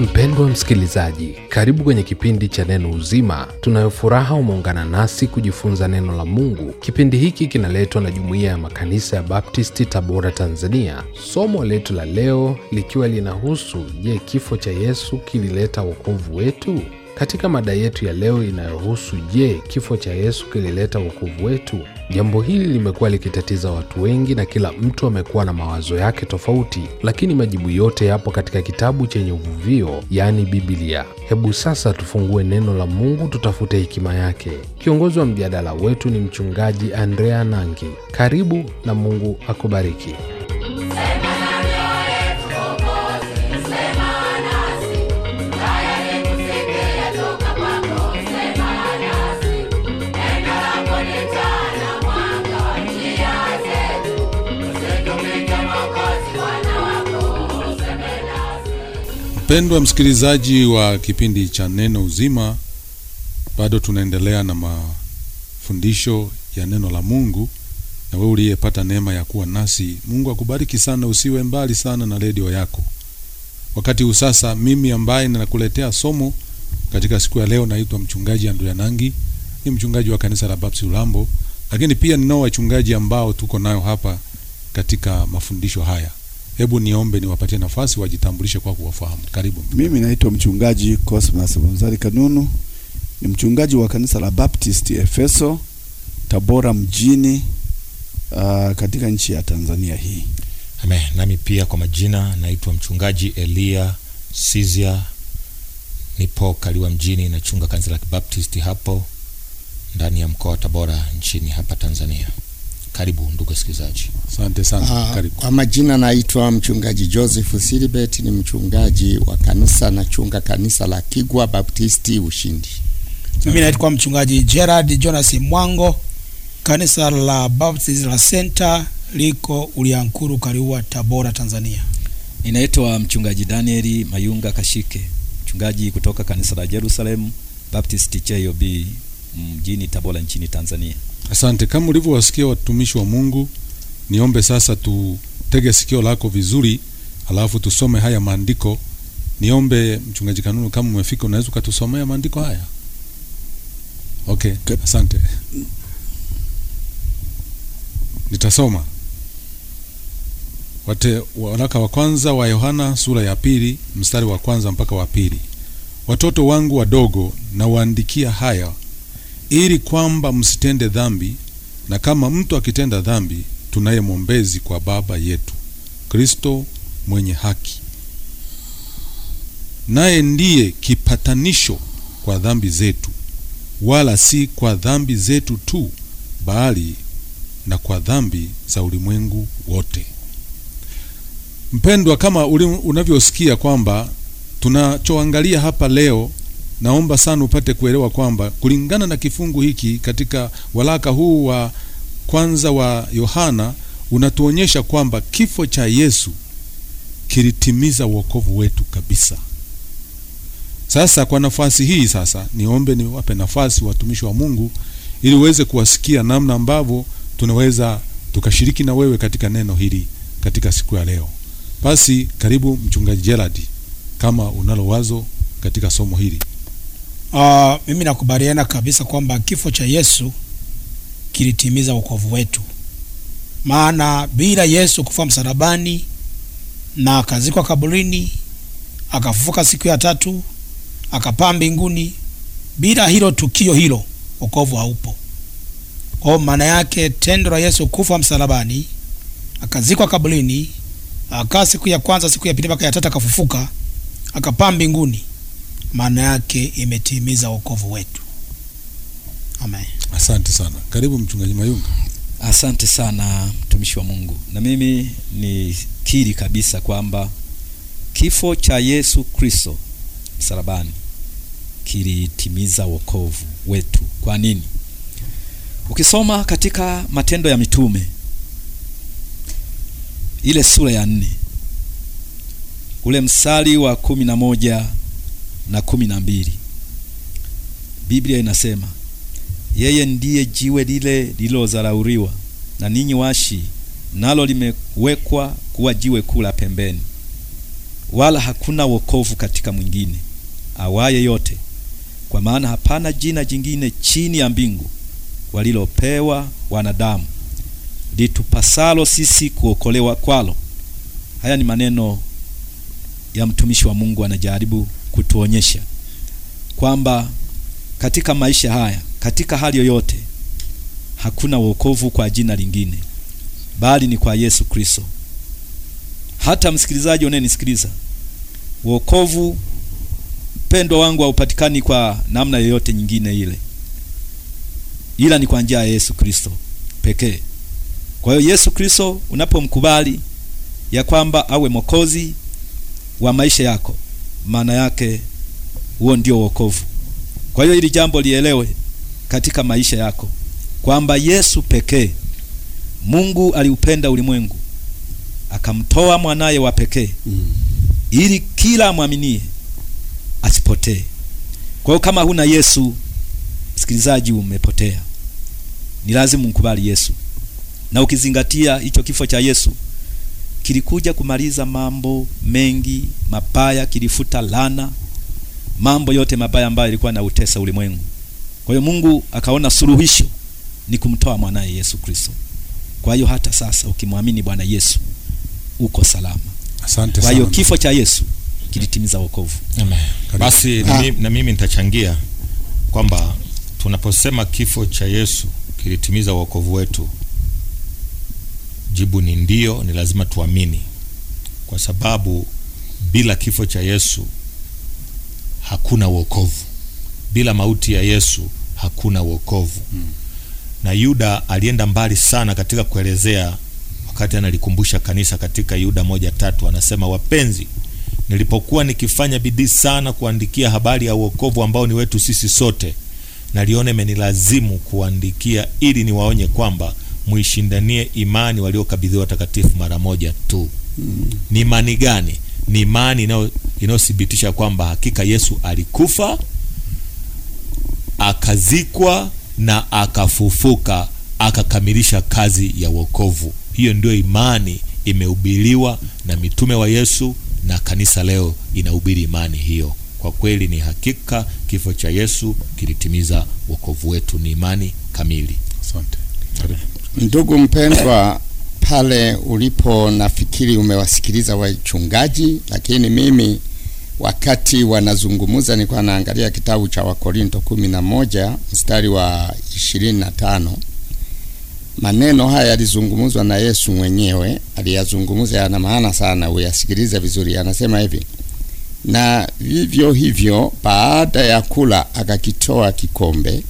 Mpendwa msikilizaji, karibu kwenye kipindi cha Neno Uzima. Tunayo furaha umeungana nasi kujifunza neno la Mungu. Kipindi hiki kinaletwa na Jumuiya ya Makanisa ya Baptisti, Tabora, Tanzania. Somo letu la leo likiwa linahusu je, kifo cha Yesu kilileta wokovu wetu? Katika mada yetu ya leo inayohusu je, kifo cha Yesu kilileta wokovu wetu? Jambo hili limekuwa likitatiza watu wengi na kila mtu amekuwa na mawazo yake tofauti, lakini majibu yote yapo katika kitabu chenye uvuvio, yaani Biblia. Hebu sasa tufungue neno la Mungu, tutafute hekima yake. Kiongozi wa mjadala wetu ni Mchungaji Andrea Nangi. Karibu na Mungu akubariki. Mpendwa msikilizaji wa kipindi cha Neno Uzima, bado tunaendelea na mafundisho ya neno la Mungu, na wewe uliyepata neema ya kuwa nasi, Mungu akubariki sana. Usiwe mbali sana na redio yako. Wakati huu sasa, mimi ambaye ninakuletea somo katika siku ya leo naitwa Mchungaji Andrea Nangi, ni mchungaji wa kanisa la Baptist Ulambo, lakini pia ninao wachungaji ambao tuko nayo hapa katika mafundisho haya. Hebu niombe niwapatie nafasi wajitambulishe kwa kuwafahamu. Karibu. Mimi naitwa mchungaji Cosmas Bunzari Kanunu, ni mchungaji wa kanisa la Baptist Efeso Tabora mjini, uh, katika nchi ya Tanzania hii. Amen. Nami pia kwa majina naitwa mchungaji Elia Sizia, nipo Kaliwa mjini, nachunga kanisa la Kibaptisti hapo ndani ya mkoa wa Tabora nchini hapa Tanzania. Karibu ndugu msikilizaji. Asante sana. Uh, karibu. Kwa majina naitwa mchungaji Joseph Silibet, ni mchungaji wa kanisa na chunga kanisa la Kigwa Baptisti Ushindi. Mimi ah. naitwa mchungaji Gerard Jonas Mwango, kanisa la Baptist la Center liko Uliankuru, Kaliua, Tabora, Tanzania. Ninaitwa mchungaji Daniel Mayunga Kashike, mchungaji kutoka kanisa la Jerusalem Baptist Cheyo B Eh, mjini Tabora nchini Tanzania. Asante. Kama ulivyowasikia watumishi wa Mungu, niombe sasa tutege sikio lako vizuri, alafu tusome haya maandiko. Niombe mchungaji Kanunu, kama umefika, unaweza ukatusomea maandiko haya. Okay, asante. Nitasoma Wate, waraka wa kwanza wa Yohana sura ya pili mstari wa kwanza mpaka wa pili. Watoto wangu wadogo, nawaandikia haya ili kwamba msitende dhambi, na kama mtu akitenda dhambi, tunaye mwombezi kwa Baba yetu, Kristo mwenye haki, naye ndiye kipatanisho kwa dhambi zetu, wala si kwa dhambi zetu tu, bali na kwa dhambi za ulimwengu wote. Mpendwa, kama unavyosikia kwamba tunachoangalia hapa leo naomba sana upate kuelewa kwamba kulingana na kifungu hiki katika walaka huu wa kwanza wa Yohana unatuonyesha kwamba kifo cha Yesu kilitimiza wokovu wetu kabisa. Sasa kwa nafasi hii sasa, niombe niwape nafasi watumishi wa Mungu ili uweze kuwasikia namna ambavyo tunaweza tukashiriki na wewe katika neno hili katika siku ya leo. Basi karibu Mchungaji Gerard kama unalo wazo katika somo hili. Uh, mimi nakubaliana kabisa kwamba kifo cha Yesu kilitimiza wokovu wetu, maana bila Yesu kufa msalabani na akazikwa kaburini, akafufuka siku ya tatu, akapaa mbinguni, bila hilo tukio hilo wokovu haupo. Kwa maana yake tendo la Yesu kufa msalabani, akazikwa kaburini, akaa siku ya kwanza, siku ya pili mpaka ya tatu, akafufuka, akapaa mbinguni maana yake imetimiza wokovu wetu. Amen. Asante sana. Karibu mchungaji Mayunga. Asante sana mtumishi wa Mungu, na mimi ni kiri kabisa kwamba kifo cha Yesu Kristo msalabani kilitimiza wokovu wetu. Kwa nini? Ukisoma katika Matendo ya Mitume ile sura ya nne ule msali wa kumi na moja na kumi na mbili Biblia inasema yeye ndiye jiwe lile lilozalauriwa na ninyi washi, nalo limewekwa kuwa jiwe kuu la pembeni, wala hakuna wokovu katika mwingine awaye yote, kwa maana hapana jina jingine chini ya mbingu walilopewa wanadamu litupasalo sisi kuokolewa kwalo. Haya ni maneno ya mtumishi wa Mungu anajaribu kutuonyesha kwamba katika maisha haya, katika hali yoyote, hakuna wokovu kwa jina lingine bali ni kwa Yesu Kristo. Hata msikilizaji unayenisikiliza, wokovu mpendwa wangu haupatikani kwa namna yoyote nyingine ile, ila ni kwa njia ya Yesu Kristo pekee. Kwa hiyo Yesu Kristo unapomkubali ya kwamba awe mwokozi wa maisha yako maana yake huo ndio wokovu. Kwa hiyo hili jambo lielewe katika maisha yako kwamba Yesu pekee Mungu aliupenda ulimwengu akamtoa mwanaye wa pekee mm. ili kila amwaminie asipotee. Kwa hiyo kama huna Yesu, msikilizaji, umepotea. Ni lazima mkubali Yesu, na ukizingatia hicho kifo cha Yesu kilikuja kumaliza mambo mengi mabaya, kilifuta lana, mambo yote mabaya ambayo yalikuwa na utesa ulimwengu. Kwa hiyo Mungu akaona suluhisho ni kumtoa mwanaye Yesu Kristo. Kwa hiyo hata sasa ukimwamini Bwana Yesu uko salama. Asante kwa hiyo kifo cha Yesu kilitimiza wokovu. Amen. Basi na, ah. na mimi nitachangia kwamba tunaposema kifo cha Yesu kilitimiza wokovu wetu Jibu ni ndio, ni lazima tuamini, kwa sababu bila kifo cha Yesu hakuna wokovu, bila mauti ya Yesu hakuna wokovu Hmm. Na Yuda alienda mbali sana katika kuelezea, wakati analikumbusha kanisa katika Yuda moja tatu, anasema wapenzi, nilipokuwa nikifanya bidii sana kuandikia habari ya wokovu ambao ni wetu sisi sote, naliona imenilazimu kuandikia ili niwaonye kwamba muishindanie imani waliokabidhiwa watakatifu mara moja tu. Ni imani gani? Ni imani inayothibitisha kwamba hakika Yesu alikufa akazikwa na akafufuka akakamilisha kazi ya wokovu. Hiyo ndio imani imehubiriwa na mitume wa Yesu na kanisa leo inahubiri imani hiyo. Kwa kweli ni hakika kifo cha Yesu kilitimiza wokovu wetu. Ni imani kamili. Asante. Ndugu mpendwa, pale ulipo, nafikiri umewasikiliza wachungaji, lakini mimi wakati wanazungumza nilikuwa naangalia kitabu cha Wakorinto kumi na moja mstari wa ishirini na tano. Maneno haya yalizungumzwa na Yesu mwenyewe, aliyazungumza, yana maana sana, uyasikilize vizuri. Anasema hivi: na vivyo hivyo, baada ya kula akakitoa kikombe,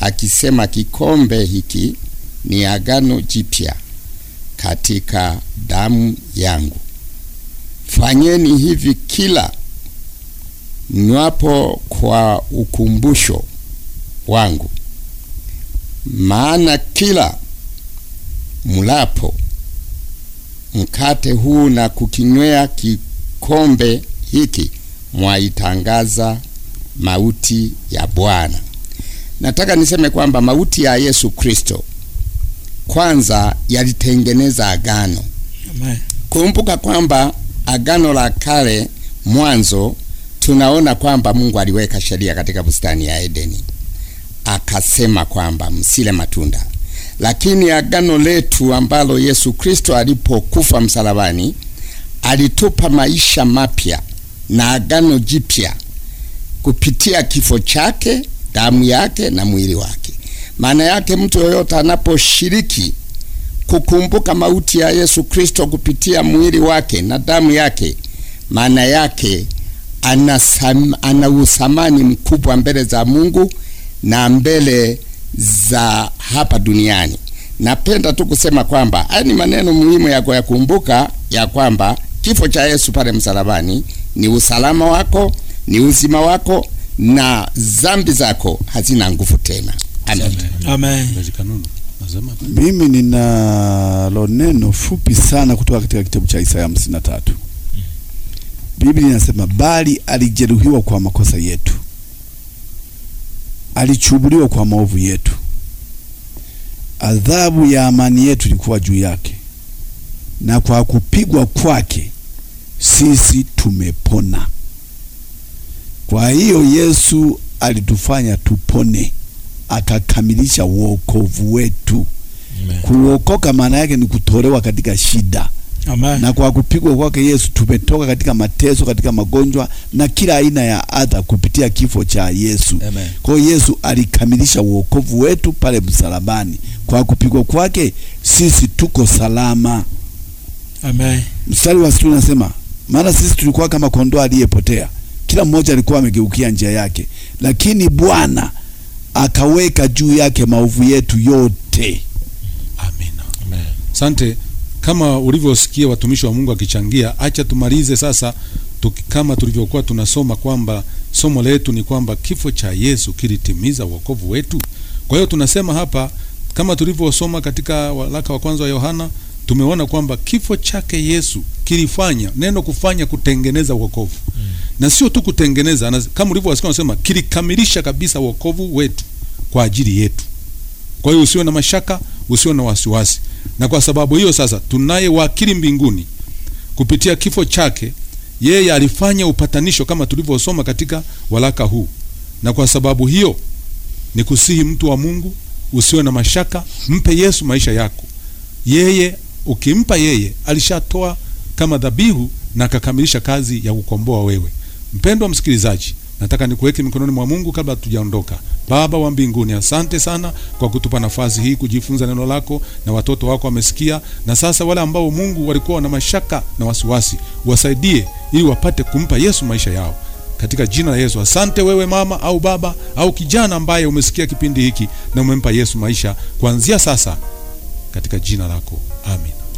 akisema, kikombe hiki ni agano jipya katika damu yangu. Fanyeni hivi kila nwapo kwa ukumbusho wangu. Maana kila mulapo mkate huu na kukinywea kikombe hiki mwaitangaza mauti ya Bwana. Nataka niseme kwamba mauti ya Yesu Kristo kwanza yalitengeneza agano. Amen. Kumbuka kwamba agano la kale mwanzo tunaona kwamba Mungu aliweka sheria katika bustani ya Edeni, akasema kwamba msile matunda, lakini agano letu ambalo Yesu Kristo alipokufa msalabani alitupa maisha mapya na agano jipya kupitia kifo chake, damu yake na mwili wake. Maana yake mtu yoyote anaposhiriki kukumbuka mauti ya Yesu Kristo kupitia mwili wake na damu yake, maana yake ana uthamani mkubwa mbele za Mungu na mbele za hapa duniani. Napenda tu kusema kwamba haya ni maneno muhimu ya kuyakumbuka, ya kwamba kifo cha Yesu pale msalabani ni usalama wako, ni uzima wako, na dhambi zako hazina nguvu tena. Mimi nina loneno fupi sana kutoka katika kitabu cha Isaya hamsini na tatu. Biblia inasema bali alijeruhiwa kwa makosa yetu, alichubuliwa kwa maovu yetu, adhabu ya amani yetu ilikuwa juu yake, na kwa kupigwa kwake sisi tumepona. Kwa hiyo Yesu alitufanya tupone akakamilisha wokovu wetu. Kuokoka maana yake ni kutolewa katika shida. Amen. Na kwa kupigwa kwake Yesu tumetoka katika mateso, katika magonjwa na kila aina ya adha kupitia kifo cha Yesu. Kwa hiyo Yesu alikamilisha wokovu wetu pale msalabani. Kwa kupigwa kwake sisi tuko salama. Amen. Mstari wa sita unasema, maana sisi tulikuwa kama kondoo aliyepotea, kila mmoja alikuwa amegeukia njia yake, lakini Bwana akaweka juu yake maovu yetu yote. Amina. Amen. Sante, kama ulivyosikia watumishi wa Mungu akichangia, acha tumalize sasa tuki, kama tulivyokuwa tunasoma kwamba somo letu ni kwamba kifo cha Yesu kilitimiza wokovu wetu. Kwa hiyo tunasema hapa kama tulivyosoma katika waraka wa kwanza wa Yohana tumeona kwamba kifo chake Yesu kilifanya neno kufanya kutengeneza wokovu mm. na sio tu kutengeneza, kama ulivyowasikia wanasema kilikamilisha kabisa wokovu wetu kwa ajili yetu. Kwa hiyo usiwe na mashaka, usiwe na wasiwasi, na kwa sababu hiyo sasa tunaye wakili mbinguni kupitia kifo chake. Yeye alifanya upatanisho kama tulivyosoma katika waraka huu, na kwa sababu hiyo kusihi mtu wa Mungu, usiwe na mashaka, mpe Yesu maisha yako. Yeye ukimpa yeye alishatoa kama dhabihu na akakamilisha kazi ya kukomboa wewe. Mpendwa msikilizaji, nataka nikuweke mikononi mwa Mungu kabla hatujaondoka. Baba wa mbinguni, asante sana kwa kutupa nafasi hii kujifunza neno lako, na watoto wako wamesikia. Na sasa wale ambao Mungu walikuwa na mashaka na wasiwasi, wasaidie ili wapate kumpa Yesu maisha yao katika jina la Yesu. Asante wewe mama au baba au kijana ambaye umesikia kipindi hiki na umempa Yesu maisha kuanzia sasa, katika jina lako, amen.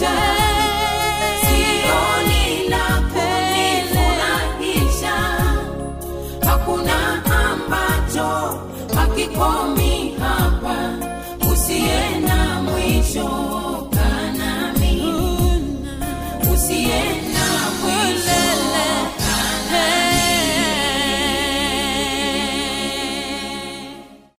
sunshine.